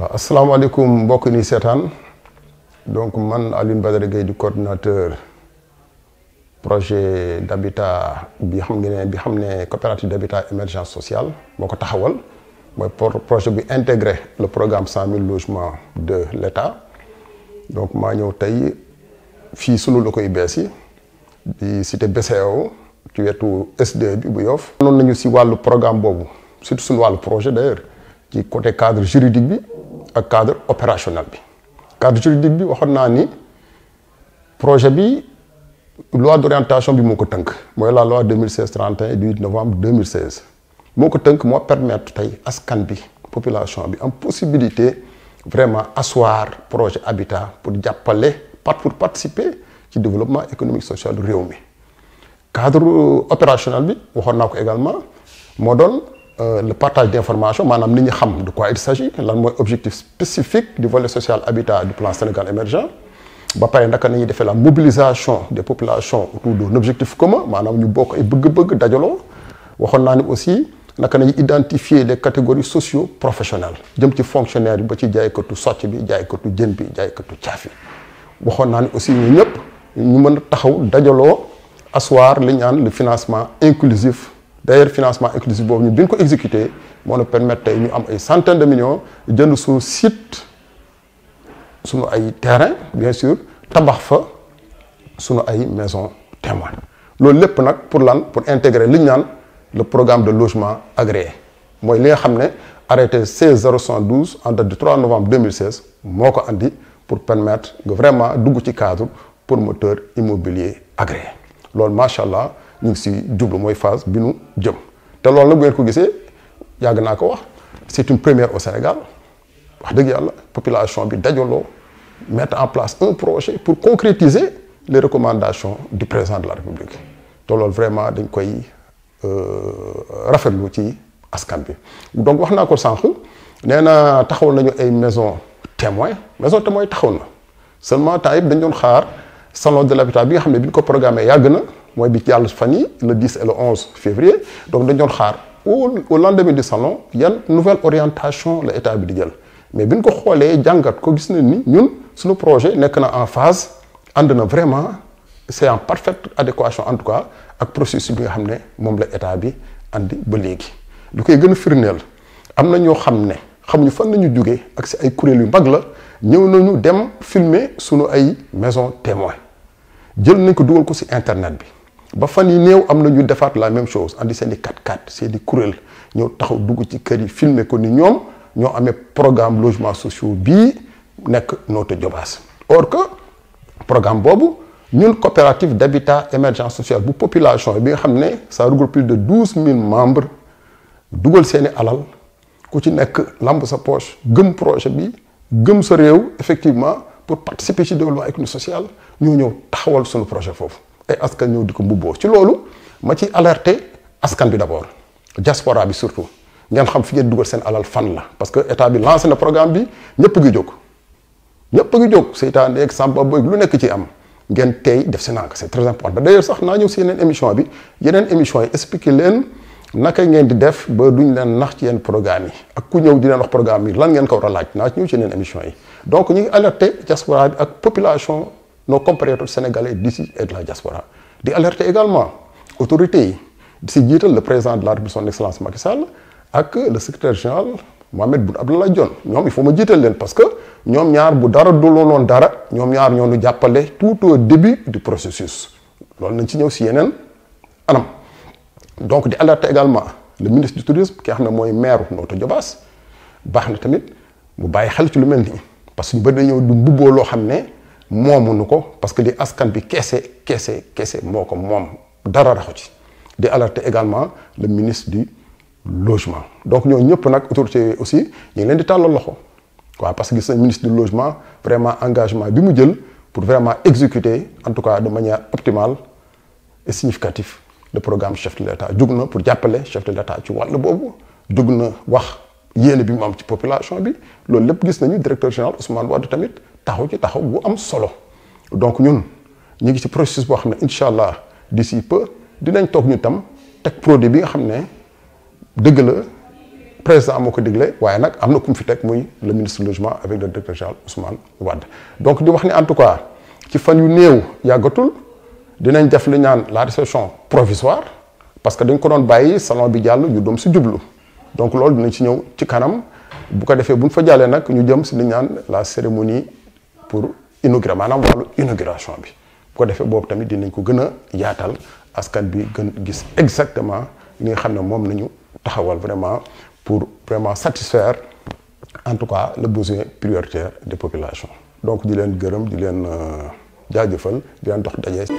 waaw asalaamaaleykum mbokk ni seetaan donc man Alioune Badara Gueye di coordinateur projet d'habitat bi xam ne bi xam ne coopérative d'habitat émergence sociale moo ko taxawal mooy projet bi intégré le programme cent mille logements de l'État donc maa ñëw tey fii sunu la koy bees yi di cité BCEAO ci wetu SDE bi bu Yoff noonu nañu si wàllu programme boobu surtout suñu wàllu projet d'ailleurs ci côté cadre juridique bi ak cadre opérationnel bi cadre juridique bi waxoon naa ni projet bi loi d'orientation bi moo ko tënk mooy la loi 2016 31 du 8 novembre 2016 moo ko tënk moo permettre tey askan bi population bi am possibilité vraiment assoir projet habitat pour jàppale part pour participer ci développement économique social réew mi cadre opérationnel bi waxoon naa ko également moo Euh, le partage d'informations maanaam nit ñi xam de quoi il s'agit lan mooy objectif spécifique du volet social habitat du plan Sénégal émergent ba pare naka la ñuy defee la mobilisation des population autour d'un objectif commun maanaam ñu bokk ay bëgg-bëgg dajaloo waxoon naa ni aussi naka nañu ñuy identifier les catégories socio-professionnelles jëm ci fonctionnaire bi ba ci jaay jaaykatu socc bi jaay jaaykatu jën bi jaaykatu caaf yi waxoon naa ni aussi ñu ñëpp ñu mën a taxaw dajaloo asseoir li ñu naan le financement inclusif d'ailleurs financement inclusif boobu ñu bi ñu ko exécuté moo na permettre tey ñu am ay centaines de millions jënd suñu site suñu ay terrain bien sûr tabax fa suñu ay maison témoin loolu lépp nag pour lan pour intégrer li ñu naan le programme de logement agréé mooy li nga xam ne arrêté C0112 en date du 3 novembre 2016 moo ko andi pour permettre nga vraiment dugg ci cadre promoteur immobilier agréé loolu macha allah. ñu ngi si jublu mooy phase bi nu jëm te loolu nag bu ngeen ko gisee yàgg naa ko wax c'est une première au Sénégal wax dëgg yàlla population bi dajaloo mettre en place un projet pour concrétiser les recommandations du président de la République te loolu vraiment dañ koy euh, rafetlu ci askan bi donc wax naa ko sànq nee na taxaw nañu ay maison témoin maison témoin taxaw na seulement temps yëpp dañ doon xaar salon de l'habitat bi nga xam ne bi ñu ko programmé yàgg na mooy bi ci yàlla fan yi le 10 et le 11 février donc dañu doon xaar au au lendemain du salon yan nouvelle orientation la état bi di jël mais bi ñu ko xoolee jàngat ko gis nañ ni ñun suñu projet nekk na en phase ànd na vraiment c'est en parfaite adéquation en tout cas ak processus bi nga xam ne moom la état bi andi ba léegi lu koy gën a firndeel am na ñoo xam ne. xamuñu fan nañu jógee ak si ay kuréel yu mag la ñëw nañu dem filmer suñu ay maison témoin jël nañ ko dugal ko si internet bi ba fan yi néew am na ñu defaat la même chose andi di seeni 4 x seeni seen kuréel ñëw taxaw dugg ci kër yi filmer ko ni ñoom ñoo amee programme logement sociaux bii nekk Notto Diobass or que programme boobu ñun coopérative d'habitat émergence sociale bu population bi nga xam ne ça regroupe plus de douze mille membre dugal seeni alal ku ci nekk lamb sa poche gëm projet bi gëm sa réew effectivement pour participer ci développement économique social ñoo ñëw taxawal suñu projet foofu ay askan ñëw di ko mbubboo ci loolu ma ci alerter askan bi d'abord diaspora bi surtout ngeen xam fi ngeen dugal seen alal fan la parce que état bi lancé na programme bi ñëpp ngi jóg ñëpp ngi jóg seytaan yeeg samba boog lu nekk ci am ngeen tey def seen àgg c'est très important d'ailleurs sax naa ñëw si yeneen émission bi yeneen émission yi expliquer leen naka ngeen di def ba duñ leen nax ci yenn programme yi ak ku ñëw di leen wax programme yi lan ngeen ko war laaj naa ci ñëw ci yeneen émission yi ñu ngi alerter diaspora ak population nos compatriotes sénégalais d'ici et de la diaspora di alerter également autorités yi si jiital le président de la République son excellence Macky Sall ak le secrétaire général Mohamed Boun Abdallah Dionne ñoom il faut ma leen parce que ñoom ñaar bu dara duloon dara ñoom ñaar ñoo ñu jàppale tout au début du processus loolu nañ ci ñëw si yeneen anam. donc di alerter également le ministre du tourisme ki nga xam ne mooy maire Notto Diobass baax na tamit mu bàyyi xel ci lu mel nii parce que ñu bëri dañoo du mbubboo loo xam ne nu ko parce que li askan bi keese keese keese moo ko moom dara raxu ci di alerter également le ministre du logement donc ñoo ñëpp nag autorité aussi ñu ngi leen di tàllal loxo waa parce que gis nañ ministre du logement vraiment engagement bi mu jël pour vraiment exécuter en tout cas de manière optimale et le programme chef de l'État jug na pour jàppale chef de l'État ci wàll boobu jug na wax yéene bi mu am ci population bi loolu lépp gis nañu directeur général Ousmane Wade tamit taxaw ci taxaw bu am solo donc ñun ñu ngi ci processus boo xam ne incha allah d'ici peu dinañ toog ñu tam teg produit bi nga xam ne dëgg la président moo ko digle waaye nag am na ku mu fi teg muy le ministre du logement avec le directeur général Ousmane Wade donc di wax ni en tout cas ci fan yu dinañ def lu ñaan la réception provisoire parce que dañ ko doon bàyyi salon bi jàll ñu doom si jublu donc loolu dinañ ci ñëw ci kanam bu ko defee bu ñu fa jàllee nag ñu jëm si lu ñaan la cérémonie pour inaugurer maanaam wàllu inauguration bi bu ko defee boobu tamit dinañ ko gën a yaatal askan bi gën gis exactement li nga xam ne moom nañu taxawal vraiment pour vraiment satisfaire en tout cas le besoin prioritaire des population donc di leen gërëm di leen euh, jaajëfal di leen dox